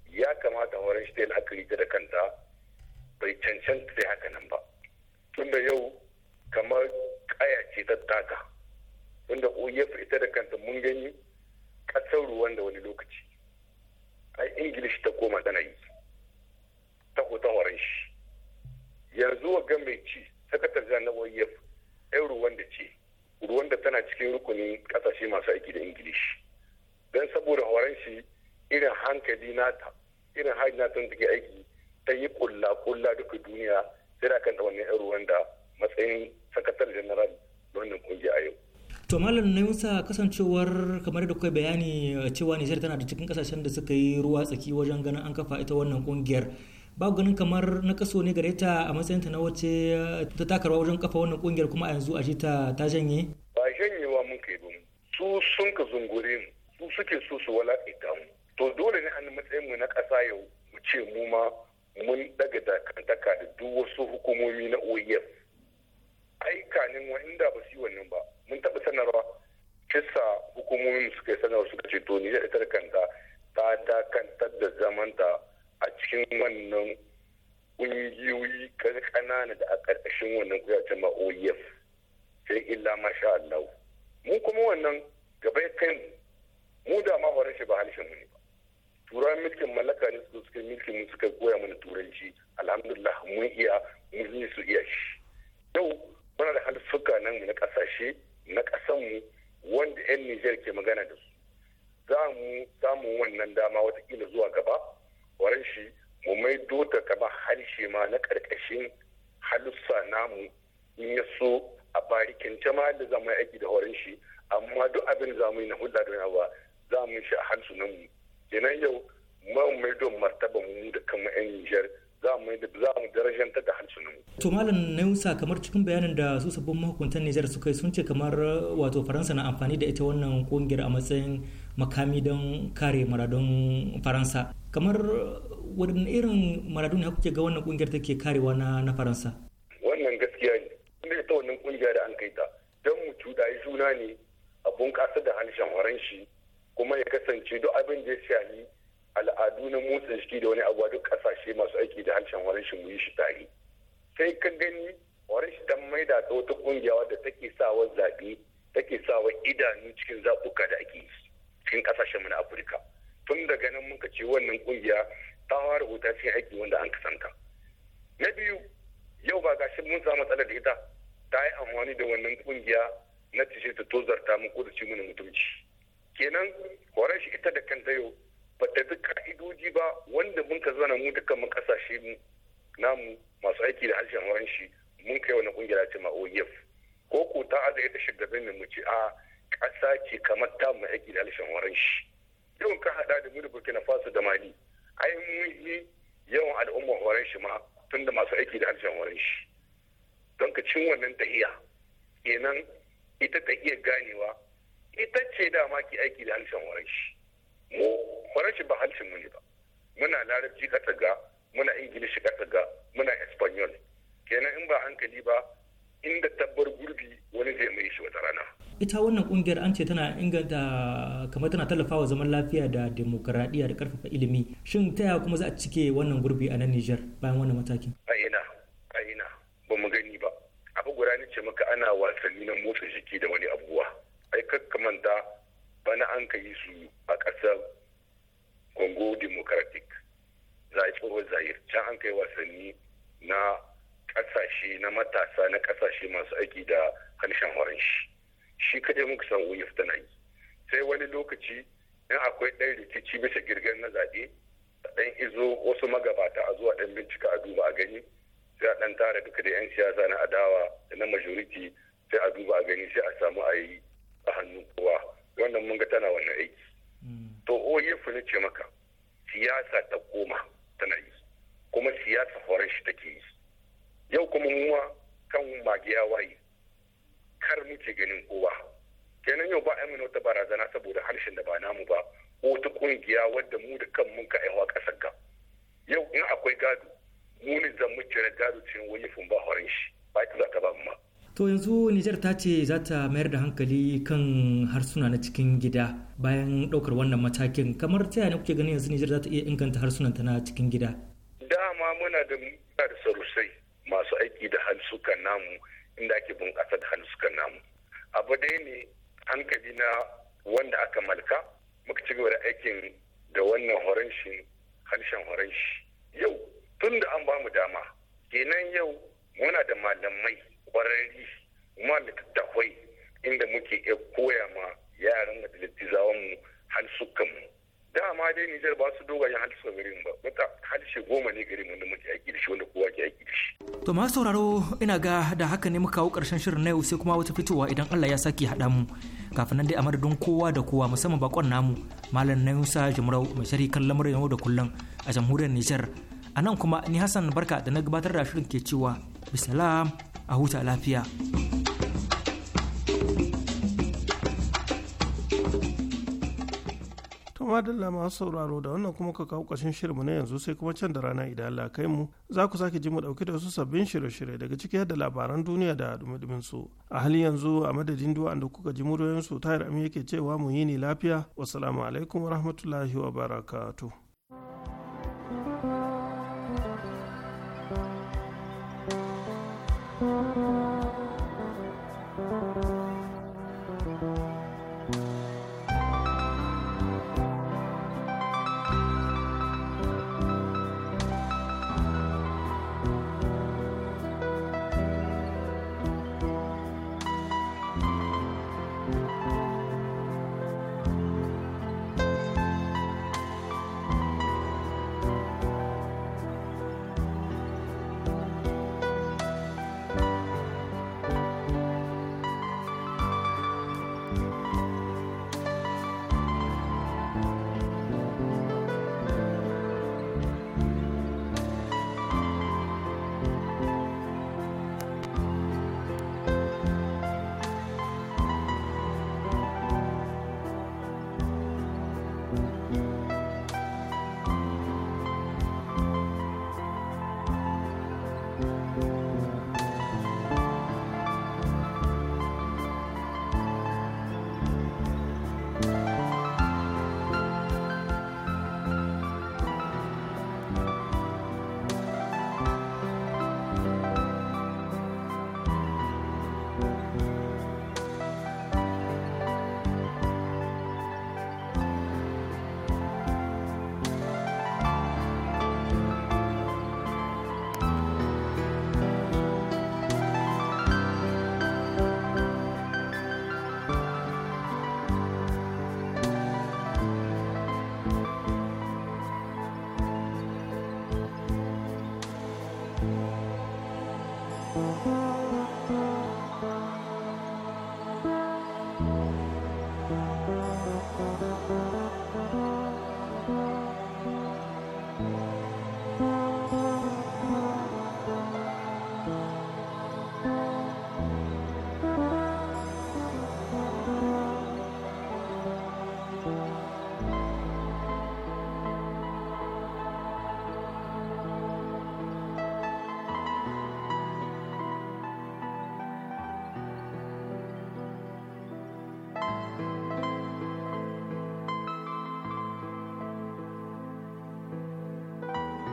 yi ya kamata horon shi ta yi la'akari ta da kanta bai cancanta da haka nan ba tunda yau kamar kaya ce ta taka wanda oyef ita da kanta mun gani ƙasar ruwan da wani lokaci ai ingilishi ta koma tsanayi, ta hoton waran shi yanzu wa mai ci sakatar jihar na oef yan ruwan da ce ruwan da tana cikin rukunin ƙasashe masu aiki da ingilishi don saboda horon shi irin hankali nata irin hajji nata da take aiki ta yi kulla kulla duka duniya sai da kan da wannan yan ruwan da matsayin sakatar general wannan kungiya a yau to malam na musa kasancewar kamar da kuka bayani eh, cewa nijar tana da cikin kasashen da suka yi ruwa tsaki wajen ganin an kafa ita wannan kungiyar babu ganin kamar na kaso ne gare ta a matsayin ta na wace eh, ta takarwa wajen kafa wannan kungiyar kuma a yanzu a ji ta ta janye ba wa mun kai ba su sun ka zungure mu su suke so su walaƙita mu to dole ne an matsayin mu na kasa yau mu ce mu ma mun daga dakantaka da duk wasu hukumomi na OEF aikanin wanda ba su wannan ba mun taɓa sanarwa kisa hukumomin suka yi sanarwa suka ce to nijar ita kanta ta dakantar da zamanta a cikin wannan ƙungiyoyi ƙanana da a ƙarƙashin wannan kuyacin ma oef sai illa masha Allah mu kuma wannan gaba kai mu da ma horon shi ba halishin mu ne ba turawan milkin mallaka ne suka suka milkin mu suka goya mana turanci alhamdulillah mun iya mun yi su iya shi yau muna da haliffuka nan na kasashe na mu wanda 'yan Nijar ke magana da su za mu samu wannan dama watakila zuwa gaba waran shi mu maido dota kama harshe ma na karkashin halussa namu in ya so a barikin jama'a da za mu yi aiki da horon shi amma duk abin za mu yi na hulɗa da yawa za mu yi shi a harsunan mu kenan yau mu maido don martaba mu da kama 'yan Nijar za mu darashantar da mu. To Malam Nausa kamar cikin bayanin da su sabbin mahukuntan Nijar suka yi sun ce kamar wato Faransa na amfani da ita wannan kungiyar a matsayin makami don kare maradun Faransa. Kamar wadannan irin maradun ne kuke ga wannan kungiyar take karewa na, na Faransa? Wannan gaskiya ne. Kuma ita wannan kungiya da an kai ta don mu cuɗayi juna ne a bunƙasa da harshen Faranshi kuma ya kasance duk abin da ya shahi al'adu na motsa jiki da wani abuwa duk kasashe masu aiki da harshen warishin mu yi shi tare sai ka gani warashi ta maida ta wata kungiya wadda take sawa zaɓe take sawa idanu cikin zaɓuka da ake yi cikin kasashen mu na afirka tun daga nan muka ce wannan kungiya ta fara wuta cikin aiki wanda an kasanta na biyu yau ba gashi mun samu matsalar da ita ta yi amfani da wannan kungiya na tishe ta tozarta mu ko da ci mutunci kenan horon shi ita da kanta yau ba ta bi ka'idoji ba wanda mun ka zana mu dukkan mun kasashe mu namu masu aiki da harshen Faranshi mun kai wani kungiya ce ma OEF ko ko ta aza ita shugaban mu ce a kasa ce kamar ta mu aiki da harshen Faranshi yawan ka hada da mu da Burkina Faso da Mali ai mun yawan al'ummar Faranshi ma tunda masu aiki da harshen Faranshi don ka cin wannan tahiya kenan ita ta iya ganewa ita ce dama ke aiki da harshen Faranshi mu faransi ba hancin mu ne ba muna larabci ga muna ingilishi ga muna espanyol kenan in ba hankali ba inda tabbar gurbi wani zai mai shi wata rana ita wannan kungiyar an ce tana inganta kamar tana tallafawa zaman lafiya da demokaradiyya da karfafa ilimi shin ta yaya kuma za a cike wannan gurbi a nan Nijar bayan wannan matakin a ina a ina ba mu gani ba abu guda ne ce maka ana wasanni na motsa jiki da wani abuwa ai kakkamanta bana an ka su a ƙasar congo democratic za a tsohon zahir can an kai wasanni na kasashe na matasa na kasashe masu aiki da harshen horanshi shi kaɗai muka san wuyaf tana yi sai wani lokaci in akwai ɗan rikici bisa girgin na zaɓe ɗan izo wasu magabata a zuwa ɗan bincika a duba a gani sai a ɗan tara duka da 'yan siyasa na adawa da na majoriti, sai a duba a gani sai a samu a yi a hannun kowa wannan mun ga tana wannan aiki hmm. to oyefu na ce maka siyasa ta koma tana yi kuma siyasa horon shi take yi yau kuma muwa kan magiya waye kar muke ganin kowa kenan yau ba a yi wata barazana saboda harshen da ba namu ba ko ta kungiya wadda mu da kan mun ka wa kasar ga yau in akwai gado mu ne zan mu cire gado cikin wani fun ba horon shi ba ita za ta ba mu ma to yanzu nijar ta ce za ta mayar da hankali kan harsuna na cikin gida bayan ɗaukar wannan matakin kamar ta yana kuke ganin yanzu nijar za ta iya inganta harsunanta na cikin gida dama muna da muna da sarusai masu aiki da hansukan namu inda ake bunƙasa da hansukan namu abu dai ne hankali na wanda aka malka muka ci gaba da aikin da wannan horanshi harshen horanshi yau tun da an bamu dama kenan yau muna da malamai kwararri kuma littattafai inda muke iya koya ma yaran da littattafan mu halsukan mu dama dai Nijar ba su dogayen su garin ba wata halshe goma ne garin wanda muke aiki da shi wanda kowa ke aiki da shi. To masu sauraro ina ga da haka ne muka kawo karshen shirin na yau sai kuma wata fitowa idan Allah ya saki haɗa mu kafin nan dai a madadin kowa da kowa musamman bakon namu malam na Yusa Jimrau mai shari kan lamarin yau da kullum a jamhuriyar Nijar a nan kuma ni Hassan Barka da na gabatar da shirin ke cewa bisalam a huta lafiya. madalla masu sauraro da wannan kuma ka kawo ƙashin shirinmu na yanzu sai kuma can da rana idan Allah kai mu za ku sake ji mu ɗauki da wasu sabbin shirye-shirye daga ciki da labaran duniya da dumi su a halin yanzu a madadin duwa da kuka ji muryoyin su tayar amin yake cewa mu yi ni lafiya wassalamu alaikum wa wabarakatuh Música